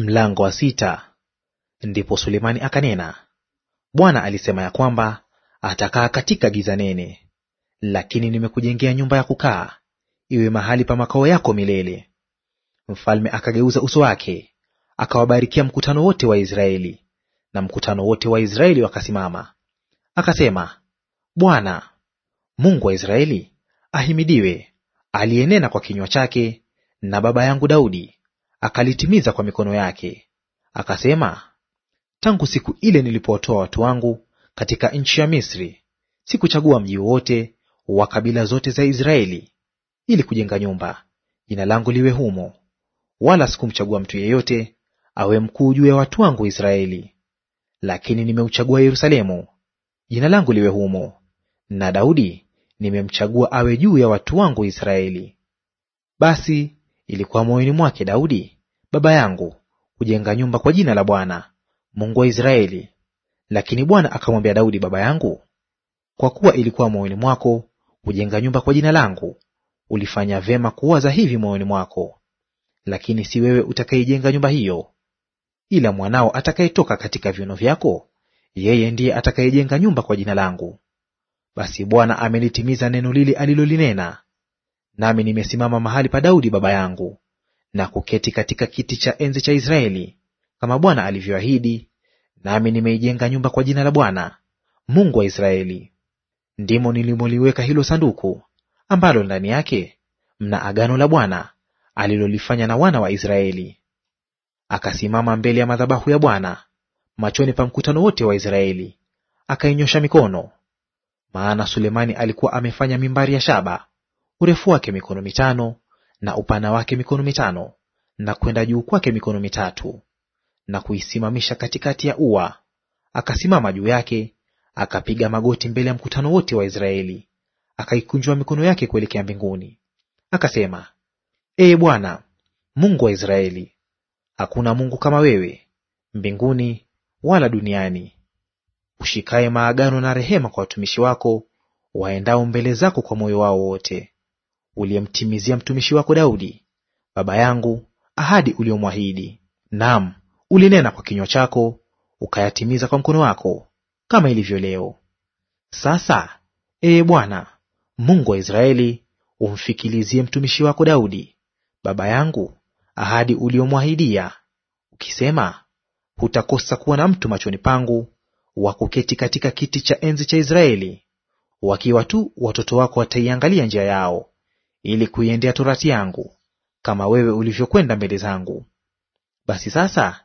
Mlango wa sita. Ndipo Sulemani akanena, Bwana alisema ya kwamba atakaa katika giza nene, lakini nimekujengea nyumba ya kukaa, iwe mahali pa makao yako milele. Mfalme akageuza uso wake, akawabarikia mkutano wote wa Israeli, na mkutano wote wa Israeli wakasimama. Akasema, Bwana Mungu wa Israeli ahimidiwe, aliyenena kwa kinywa chake na baba yangu Daudi akalitimiza kwa mikono yake. Akasema, tangu siku ile nilipowatoa watu wangu katika nchi ya Misri, sikuchagua mji wowote wa kabila zote za Israeli ili kujenga nyumba jina langu liwe humo, wala sikumchagua mtu yeyote awe mkuu juu ya watu wangu Israeli. Lakini nimeuchagua Yerusalemu, jina langu liwe humo, na Daudi nimemchagua awe juu ya watu wangu Israeli. Basi ilikuwa moyoni mwake Daudi baba yangu kujenga nyumba kwa jina la Bwana Mungu wa Israeli. Lakini Bwana akamwambia Daudi baba yangu, kwa kuwa ilikuwa moyoni mwako kujenga nyumba kwa jina langu, ulifanya vema kuwaza hivi moyoni mwako. Lakini si wewe utakayejenga nyumba hiyo, ila mwanao atakayetoka katika viuno vyako, yeye ndiye atakayejenga nyumba kwa jina langu. Basi Bwana amelitimiza neno lile alilolinena Nami nimesimama mahali pa Daudi baba yangu, na kuketi katika kiti cha enzi cha Israeli, kama Bwana alivyoahidi; nami nimeijenga nyumba kwa jina la Bwana Mungu wa Israeli. Ndimo nilimoliweka hilo sanduku ambalo ndani yake mna agano la Bwana alilolifanya na wana wa Israeli. Akasimama mbele ya madhabahu ya Bwana machoni pa mkutano wote wa Israeli, akainyosha mikono, maana Sulemani alikuwa amefanya mimbari ya shaba urefu wake mikono mitano na upana wake mikono mitano na kwenda juu kwake mikono mitatu, na kuisimamisha katikati ya ua. Akasimama juu yake, akapiga magoti mbele ya mkutano wote wa Israeli, akaikunjua mikono yake kuelekea mbinguni, akasema: Ee Bwana Mungu wa Israeli, hakuna Mungu kama wewe mbinguni wala duniani, ushikaye maagano na rehema kwa watumishi wako waendao mbele zako kwa moyo wao wote uliyemtimizia mtumishi wako Daudi baba yangu ahadi uliyomwahidi. Naam, ulinena kwa kinywa chako, ukayatimiza kwa mkono wako, kama ilivyo leo. Sasa ee Bwana Mungu wa Israeli, umfikilizie mtumishi wako Daudi baba yangu ahadi uliyomwahidia, ukisema, hutakosa kuwa na mtu machoni pangu wa kuketi katika kiti cha enzi cha Israeli, wakiwa tu watoto wako wataiangalia njia yao ili kuiendea torati yangu, kama wewe ulivyokwenda mbele zangu. Basi sasa,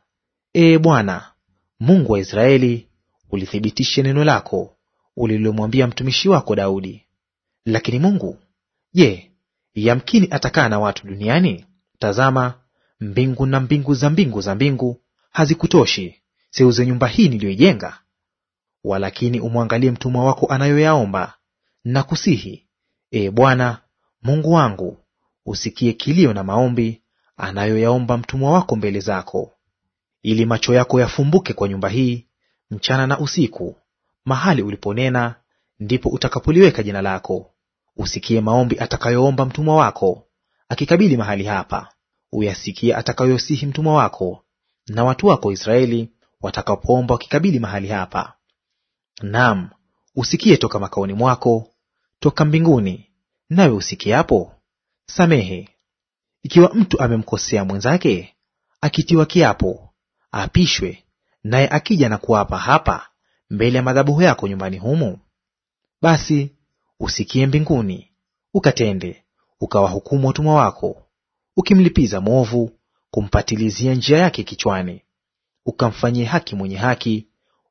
ee Bwana Mungu wa Israeli, ulithibitishe neno lako ulilomwambia mtumishi wako Daudi. Lakini Mungu, je, yamkini atakaa na watu duniani? Tazama, mbingu na mbingu za mbingu za mbingu hazikutoshi seuze nyumba hii niliyoijenga. Walakini umwangalie mtumwa wako anayoyaomba na kusihi, ee Bwana Mungu wangu, usikie kilio na maombi anayoyaomba mtumwa wako mbele zako, ili macho yako yafumbuke kwa nyumba hii mchana na usiku; mahali uliponena ndipo utakapoliweka jina lako. Usikie maombi atakayoomba mtumwa wako akikabili mahali hapa, uyasikie atakayosihi mtumwa wako na watu wako Israeli watakapoomba wakikabili mahali hapa. Naam, usikie toka makaoni mwako, toka mbinguni, Nawe usikiapo samehe. Ikiwa mtu amemkosea mwenzake akitiwa kiapo, apishwe naye akija na kuapa hapa mbele ya madhabahu yako nyumbani humu, basi usikie mbinguni, ukatende, ukawahukumu watumwa wako, ukimlipiza mwovu kumpatilizia njia yake kichwani, ukamfanyie haki mwenye haki,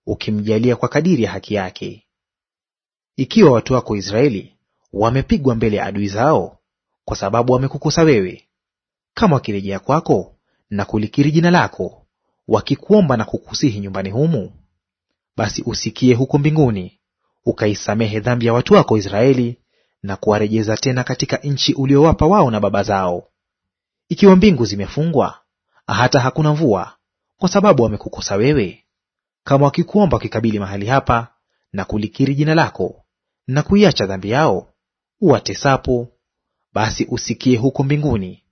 ukimjalia kwa kadiri ya haki yake. Ikiwa watu wako Israeli wamepigwa mbele ya adui zao, kwa sababu wamekukosa wewe. Kama wakirejea kwako na kulikiri jina lako, wakikuomba na kukusihi nyumbani humu, basi usikie huko mbinguni, ukaisamehe dhambi ya watu wako Israeli, na kuwarejeza tena katika nchi uliowapa wao na baba zao. Ikiwa mbingu zimefungwa hata hakuna mvua, kwa sababu wamekukosa wewe, kama wakikuomba wakikabili mahali hapa na kulikiri jina lako na kuiacha dhambi yao, uwatesapo, basi usikie huko mbinguni,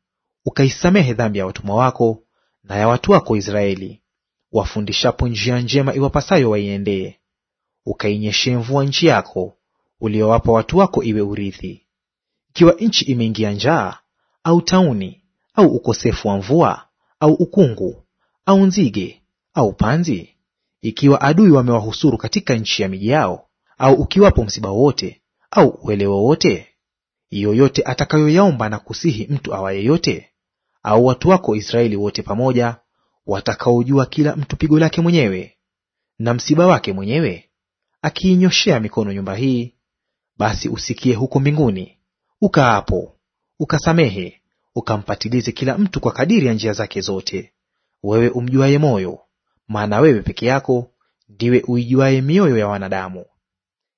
ukaisamehe dhambi ya watumwa wako na ya watu wako Israeli, wafundishapo njia njema iwapasayo waiendee. Ukainyeshee mvua nchi yako uliowapa watu wako iwe urithi. Ikiwa nchi imeingia njaa au tauni au ukosefu wa mvua au ukungu au nzige au panzi, ikiwa adui wamewahusuru katika nchi ya miji yao, au ukiwapo msiba wowote au wele wowote yoyote atakayoyaomba na kusihi mtu awa yeyote, au watu wako Israeli wote pamoja, watakaojua kila mtu pigo lake mwenyewe na msiba wake mwenyewe, akiinyoshea mikono nyumba hii, basi usikie huko mbinguni, ukaapo ukasamehe, ukampatilize kila mtu kwa kadiri ya njia zake zote, wewe umjuaye moyo, maana wewe peke yako ndiwe uijuaye mioyo ya wanadamu,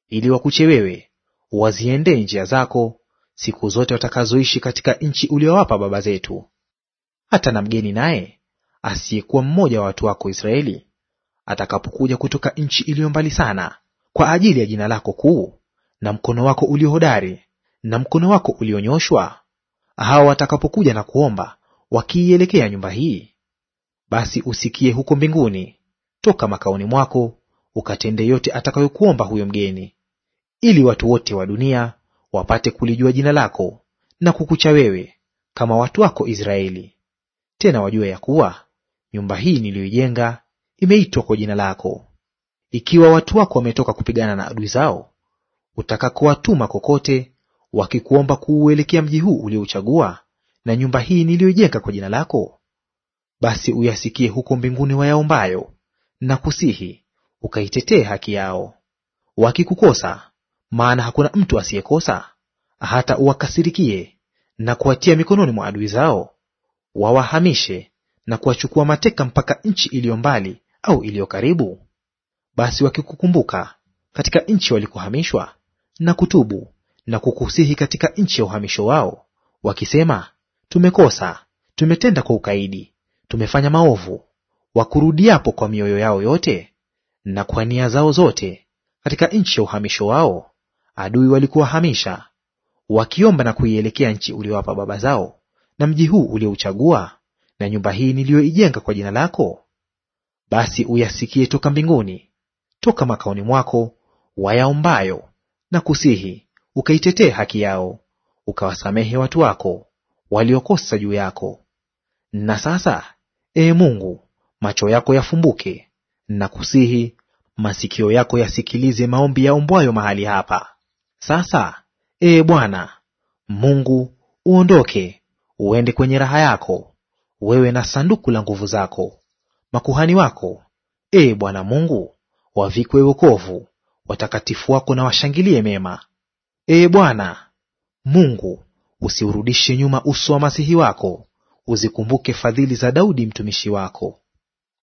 ili wakuche wewe waziendee njia zako siku zote watakazoishi katika nchi uliowapa baba zetu. Hata na mgeni naye asiyekuwa mmoja wa watu wako Israeli atakapokuja kutoka nchi iliyo mbali sana kwa ajili ya jina lako kuu na mkono wako uliohodari na mkono wako ulionyoshwa, hao watakapokuja na kuomba wakiielekea nyumba hii, basi usikie huko mbinguni toka makaoni mwako, ukatende yote atakayokuomba huyo mgeni ili watu wote wa dunia wapate kulijua jina lako na kukucha wewe, kama watu wako Israeli. Tena wajue ya kuwa nyumba hii niliyoijenga imeitwa kwa jina lako. Ikiwa watu wako wametoka kupigana na adui zao, utakakowatuma kokote, wakikuomba kuuelekea mji huu uliouchagua na nyumba hii niliyoijenga kwa jina lako, basi uyasikie huko mbinguni wayaombayo na kusihi, ukaitetee haki yao. Wakikukosa maana hakuna mtu asiyekosa hata uwakasirikie na kuwatia mikononi mwa adui zao, wawahamishe na kuwachukua mateka mpaka nchi iliyo mbali au iliyo karibu. Basi wakikukumbuka katika nchi walikohamishwa na kutubu na kukusihi katika nchi ya uhamisho wao, wakisema, tumekosa, tumetenda kwa ukaidi, tumefanya maovu, wakurudiapo kwa mioyo yao yote na kwa nia zao zote katika nchi ya uhamisho wao, adui walikuwahamisha, wakiomba na kuielekea nchi uliowapa baba zao, na mji huu uliouchagua, na nyumba hii niliyoijenga kwa jina lako, basi uyasikie toka mbinguni, toka makaoni mwako wayaombayo na kusihi, ukaitetee haki yao, ukawasamehe watu wako waliokosa juu yako. Na sasa, Ee Mungu, macho yako yafumbuke, na kusihi, masikio yako yasikilize maombi yaombwayo mahali hapa. Sasa, Ee Bwana Mungu, uondoke uende kwenye raha yako, wewe na sanduku la nguvu zako. Makuhani wako, Ee Bwana Mungu, wavikwe wokovu, watakatifu wako na washangilie mema. Ee Bwana Mungu, usiurudishe nyuma uso wa masihi wako, uzikumbuke fadhili za Daudi mtumishi wako.